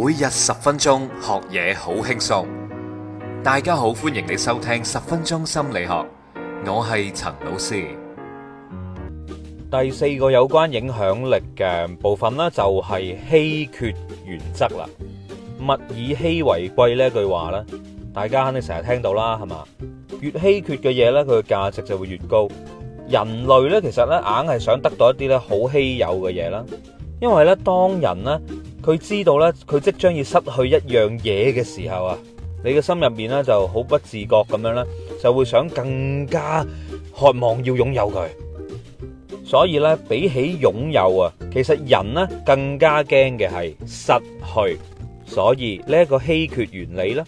每日十分鐘學嘢好輕鬆，大家好，歡迎你收聽十分鐘心理學，我係陳老師。第四個有關影響力嘅部分呢，就係稀缺原則啦。物以稀為貴呢句話呢，大家肯定成日聽到啦，係嘛？越稀缺嘅嘢呢，佢嘅價值就會越高。人類呢，其實呢，硬係想得到一啲呢好稀有嘅嘢啦，因為呢，當人呢。佢知道咧，佢即將要失去一樣嘢嘅時候啊，你嘅心入面咧就好不自覺咁樣咧，就會想更加渴望要擁有佢。所以咧，比起擁有啊，其實人咧更加驚嘅係失去。所以呢一個稀缺原理咧，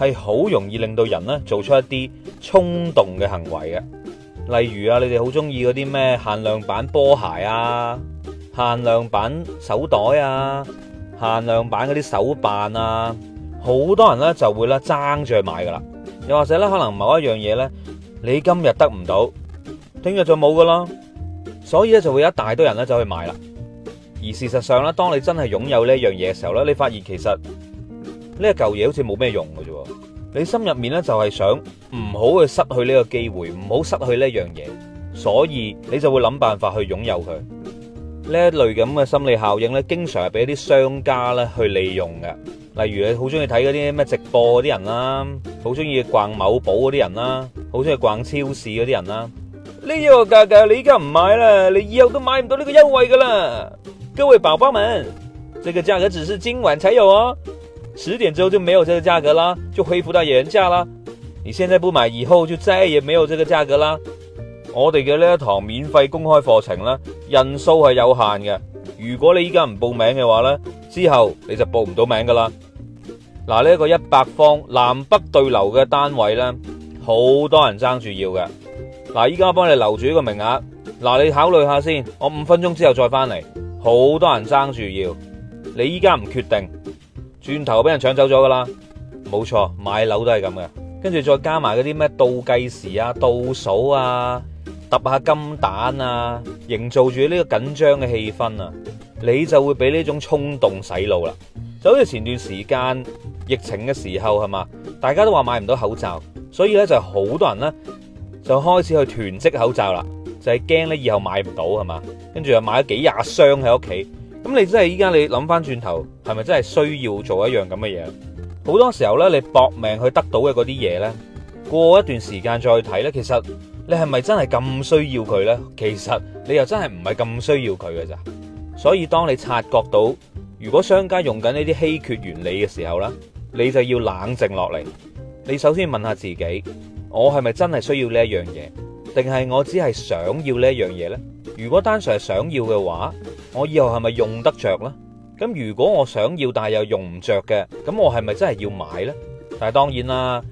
係好容易令到人咧做出一啲衝動嘅行為嘅，例如啊，你哋好中意嗰啲咩限量版波鞋啊，限量版手袋啊。限量版嗰啲手辦啊，好多人咧就會咧爭住去買噶啦。又或者咧，可能某一樣嘢咧，你今日得唔到，聽日就冇噶啦。所以咧就會有一大堆人咧走去買啦。而事實上咧，當你真係擁有呢一樣嘢嘅時候咧，你發現其實呢一舊嘢好似冇咩用噶啫。你心入面咧就係想唔好去失去呢個機會，唔好失去呢一樣嘢，所以你就會諗辦法去擁有佢。呢一類咁嘅心理效應咧，經常係俾一啲商家咧去利用嘅。例如你好中意睇嗰啲咩直播嗰啲人啦，好中意逛某寶嗰啲人啦，好中意逛超市嗰啲人啦。呢、這個價格你依家唔買啦，你以後都買唔到呢個優惠噶啦。各位寶寶們，這個價格只是今晚才有哦，啊，十點之後就沒有這個價格啦，就恢復到原價啦。你現在不買，以後就再也沒有這個價格啦。我哋嘅呢一堂免費公開課程呢，人數係有限嘅。如果你依家唔報名嘅話呢，之後你就報唔到名噶啦。嗱，呢一個一百方南北對流嘅單位呢，好多人爭住要嘅。嗱，依家幫你留住呢個名額。嗱，你考慮下先，我五分鐘之後再翻嚟。好多人爭住要，你依家唔決定，轉頭俾人搶走咗噶啦。冇錯，買樓都係咁嘅。跟住再加埋嗰啲咩倒計時啊、倒數啊。揼下金蛋啊，營造住呢個緊張嘅氣氛啊，你就會俾呢種衝動洗腦啦。就好似前段時間疫情嘅時候係嘛，大家都話買唔到口罩，所以咧就好、是、多人咧就開始去囤積口罩啦，就係驚咧以後買唔到係嘛，跟住又買咗幾廿箱喺屋企。咁你真係依家你諗翻轉頭，係咪真係需要做一樣咁嘅嘢？好多時候咧，你搏命去得到嘅嗰啲嘢咧，過一段時間再睇咧，其實。你係咪真係咁需要佢呢？其實你又真係唔係咁需要佢嘅咋？所以當你察覺到如果商家用緊呢啲稀缺原理嘅時候呢，你就要冷靜落嚟。你首先問下自己：我係咪真係需要呢一樣嘢？定係我只係想要呢一樣嘢呢？如果單純係想要嘅話，我以後係咪用得着呢？咁如果我想要但係又用唔着嘅，咁我係咪真係要買呢？但係當然啦。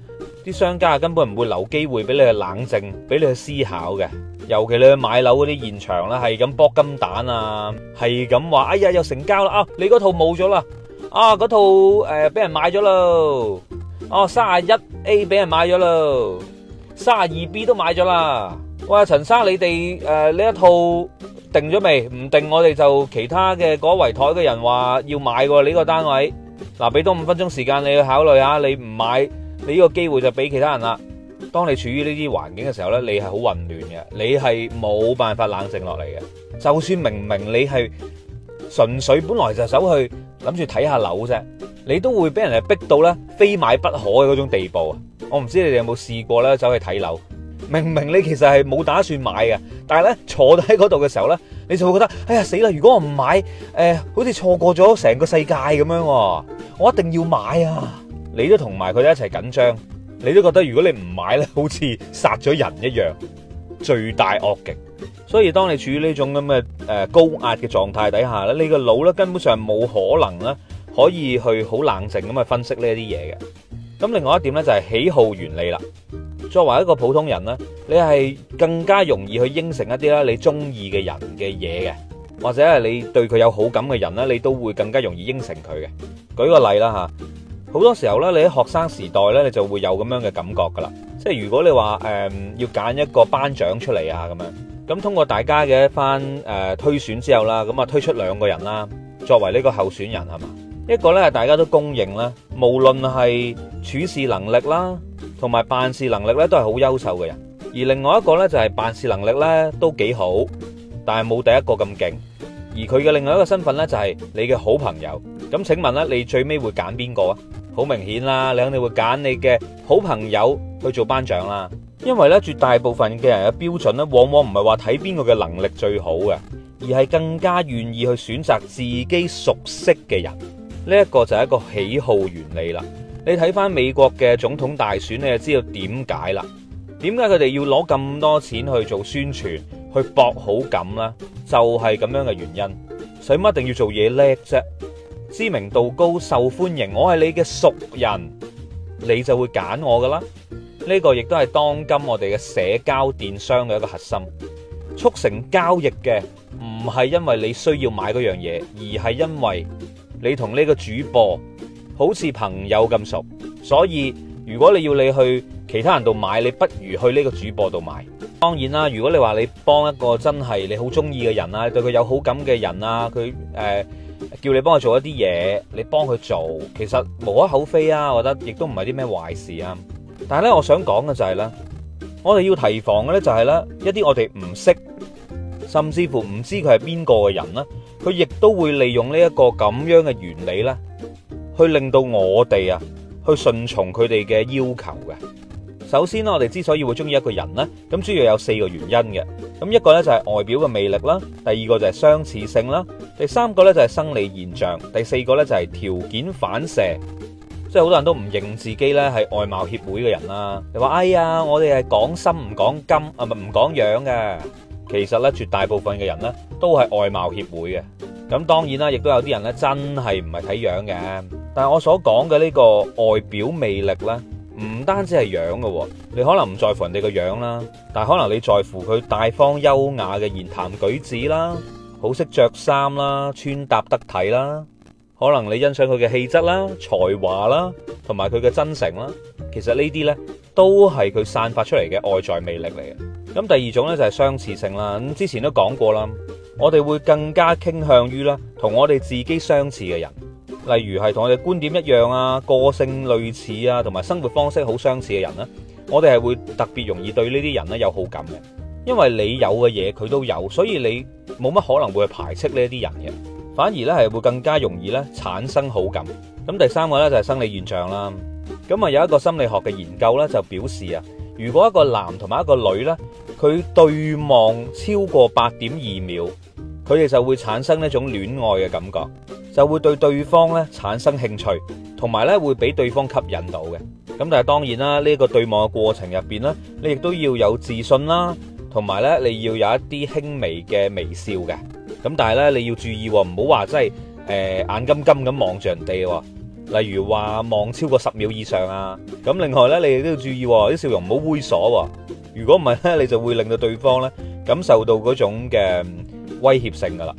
啲商家啊，根本唔會留機會俾你去冷靜，俾你去思考嘅。尤其你去買樓嗰啲現場咧，係咁扑金蛋啊，係咁話：哎呀，又成交啦啊！你嗰套冇咗啦，啊嗰套誒俾人買咗咯，哦三十一 A 俾人買咗咯，三十二 B 都買咗啦。喂，陳生，你哋誒呢一套定咗未？唔定我哋就其他嘅嗰圍台嘅人話要買喎呢個單位。嗱，俾多五分鐘時間你去考慮下，你唔買，你呢個機會就俾其他人啦。當你處於呢啲環境嘅時候呢，你係好混亂嘅，你係冇辦法冷靜落嚟嘅。就算明明你係純粹本來就走去諗住睇下樓啫，你都會俾人哋逼到呢非買不可嘅嗰種地步啊！我唔知你哋有冇試過呢？走去睇樓，明明你其實係冇打算買嘅，但係呢坐喺嗰度嘅時候呢，你就會覺得，哎呀，死啦！如果我唔買，誒、呃、好似錯過咗成個世界咁樣喎，我一定要買啊！你都同埋佢哋一齊緊張，你都覺得如果你唔買呢，好似殺咗人一樣，罪大惡極。所以當你處於呢種咁嘅誒高壓嘅狀態底下呢，你個腦呢根本上冇可能呢可以去好冷靜咁去分析呢啲嘢嘅。咁另外一點呢，就係喜好原理啦。作為一個普通人呢，你係更加容易去應承一啲啦，你中意嘅人嘅嘢嘅，或者係你對佢有好感嘅人呢，你都會更加容易應承佢嘅。舉個例啦吓。好多時候咧，你喺學生時代咧，你就會有咁樣嘅感覺噶啦。即係如果你話誒要揀一個班長出嚟啊，咁樣咁通過大家嘅一番誒推選之後啦，咁啊推出兩個人啦，作為呢個候選人係嘛？一個咧係大家都公認啦，無論係處事能力啦，同埋辦事能力咧都係好優秀嘅人。而另外一個咧就係辦事能力咧都幾好，但係冇第一個咁勁。而佢嘅另外一個身份咧就係你嘅好朋友。咁請問咧，你最尾會揀邊個啊？好明顯啦，你肯定會揀你嘅好朋友去做班長啦，因為咧絕大部分嘅人嘅標準咧，往往唔係話睇邊個嘅能力最好嘅，而係更加願意去選擇自己熟悉嘅人。呢、這、一個就係一個喜好原理啦。你睇翻美國嘅總統大選，你就知道點解啦。點解佢哋要攞咁多錢去做宣傳，去博好感咧？就係、是、咁樣嘅原因。使乜一定要做嘢叻啫？知名度高、受歡迎，我係你嘅熟人，你就會揀我噶啦。呢個亦都係當今我哋嘅社交電商嘅一個核心，促成交易嘅唔係因為你需要買嗰樣嘢，而係因為你同呢個主播好似朋友咁熟。所以如果你要你去其他人度買，你不如去呢個主播度買。當然啦，如果你話你幫一個真係你好中意嘅人啊，對佢有好感嘅人啊，佢誒叫你幫我做一啲嘢，你幫佢做，其實無可厚非啊，我覺得亦都唔係啲咩壞事啊。但係咧，我想講嘅就係咧，我哋要提防嘅咧就係咧，一啲我哋唔識，甚至乎唔知佢係邊個嘅人咧，佢亦都會利用呢一個咁樣嘅原理咧，去令到我哋啊去順從佢哋嘅要求嘅。首先咧，我哋之所以會中意一個人咧，咁主要有四個原因嘅。咁一個呢就係外表嘅魅力啦，第二個就係相似性啦，第三個呢就係生理現象，第四個呢就係條件反射。即係好多人都唔認自己呢係外貌協會嘅人啦。你話哎呀，我哋係講心唔講金啊，唔係唔講樣嘅。其實呢，絕大部分嘅人呢都係外貌協會嘅。咁當然啦，亦都有啲人呢真係唔係睇樣嘅。但係我所講嘅呢個外表魅力啦。唔單止係樣喎，你可能唔在乎人哋個樣啦，但係可能你在乎佢大方優雅嘅言談舉止啦，好識着衫啦，穿搭得體啦，可能你欣賞佢嘅氣質啦、才華啦，同埋佢嘅真誠啦。其實呢啲呢，都係佢散發出嚟嘅外在魅力嚟嘅。咁第二種呢，就係相似性啦。咁之前都講過啦，我哋會更加傾向於呢，同我哋自己相似嘅人。例如係同我哋觀點一樣啊，個性類似啊，同埋生活方式好相似嘅人咧，我哋係會特別容易對呢啲人咧有好感嘅，因為你有嘅嘢佢都有，所以你冇乜可能會去排斥呢啲人嘅，反而呢係會更加容易呢產生好感。咁第三個呢，就係生理現象啦。咁啊有一個心理學嘅研究呢，就表示啊，如果一個男同埋一個女呢，佢對望超過八點二秒，佢哋就會產生呢種戀愛嘅感覺。就會對對方咧產生興趣，同埋咧會俾對方吸引到嘅。咁但係當然啦，呢一個對望嘅過程入邊咧，你亦都要有自信啦，同埋咧你要有一啲輕微嘅微笑嘅。咁但係咧你要注意，唔好話即係誒眼金金咁望住人哋喎。例如話望超過十秒以上啊。咁另外咧你亦都要注意，啲笑容唔好猥瑣喎。如果唔係咧，你就會令到對方咧感受到嗰種嘅威脅性噶啦。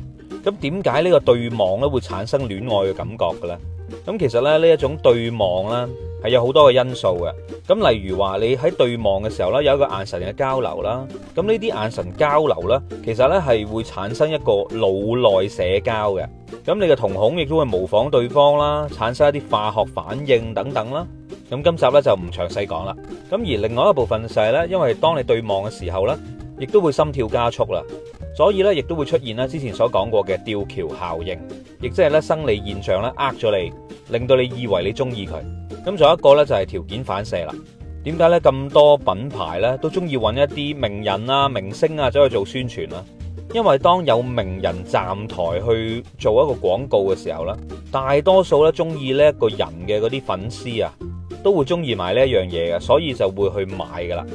咁點解呢個對望咧會產生戀愛嘅感覺嘅咧？咁其實咧呢一種對望咧係有好多嘅因素嘅。咁例如話你喺對望嘅時候咧有一個眼神嘅交流啦，咁呢啲眼神交流咧其實咧係會產生一個腦內社交嘅。咁你嘅瞳孔亦都會模仿對方啦，產生一啲化學反應等等啦。咁今集咧就唔詳細講啦。咁而另外一部分就係咧，因為當你對望嘅時候咧，亦都會心跳加速啦。所以咧，亦都會出現咧之前所講過嘅吊橋效應，亦即係咧生理現象咧呃咗你，令到你以為你中意佢。咁仲有一個呢，就係條件反射啦。點解呢？咁多品牌呢，都中意揾一啲名人啊、明星啊走去做宣傳啦。因為當有名人站台去做一個廣告嘅時候呢，大多數呢中意呢一個人嘅嗰啲粉絲啊，都會中意埋呢一樣嘢嘅，所以就會去買噶啦。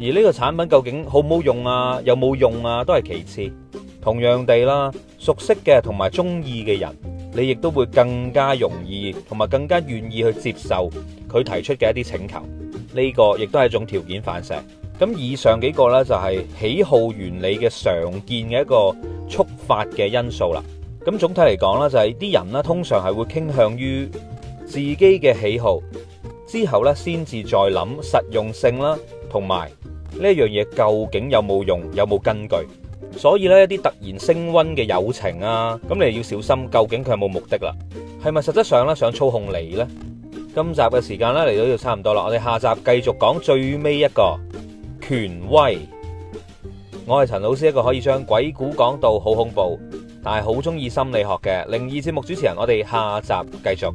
而呢個產品究竟好唔好用啊？有冇用啊？都係其次。同樣地啦，熟悉嘅同埋中意嘅人，你亦都會更加容易同埋更加願意去接受佢提出嘅一啲請求。呢個亦都係一種條件反射。咁以上幾個呢，就係喜好原理嘅常見嘅一個觸發嘅因素啦。咁總體嚟講啦，就係啲人呢通常係會傾向於自己嘅喜好，之後呢，先至再諗實用性啦，同埋。呢一樣嘢究竟有冇用，有冇根據？所以呢，一啲突然升温嘅友情啊，咁你哋要小心，究竟佢有冇目的啦，係咪實質上呢，想操控你呢？今集嘅時間呢，嚟到就差唔多啦，我哋下集繼續講最尾一個權威。我係陳老師，一個可以將鬼故講到好恐怖，但係好中意心理學嘅靈異節目主持人。我哋下集繼續。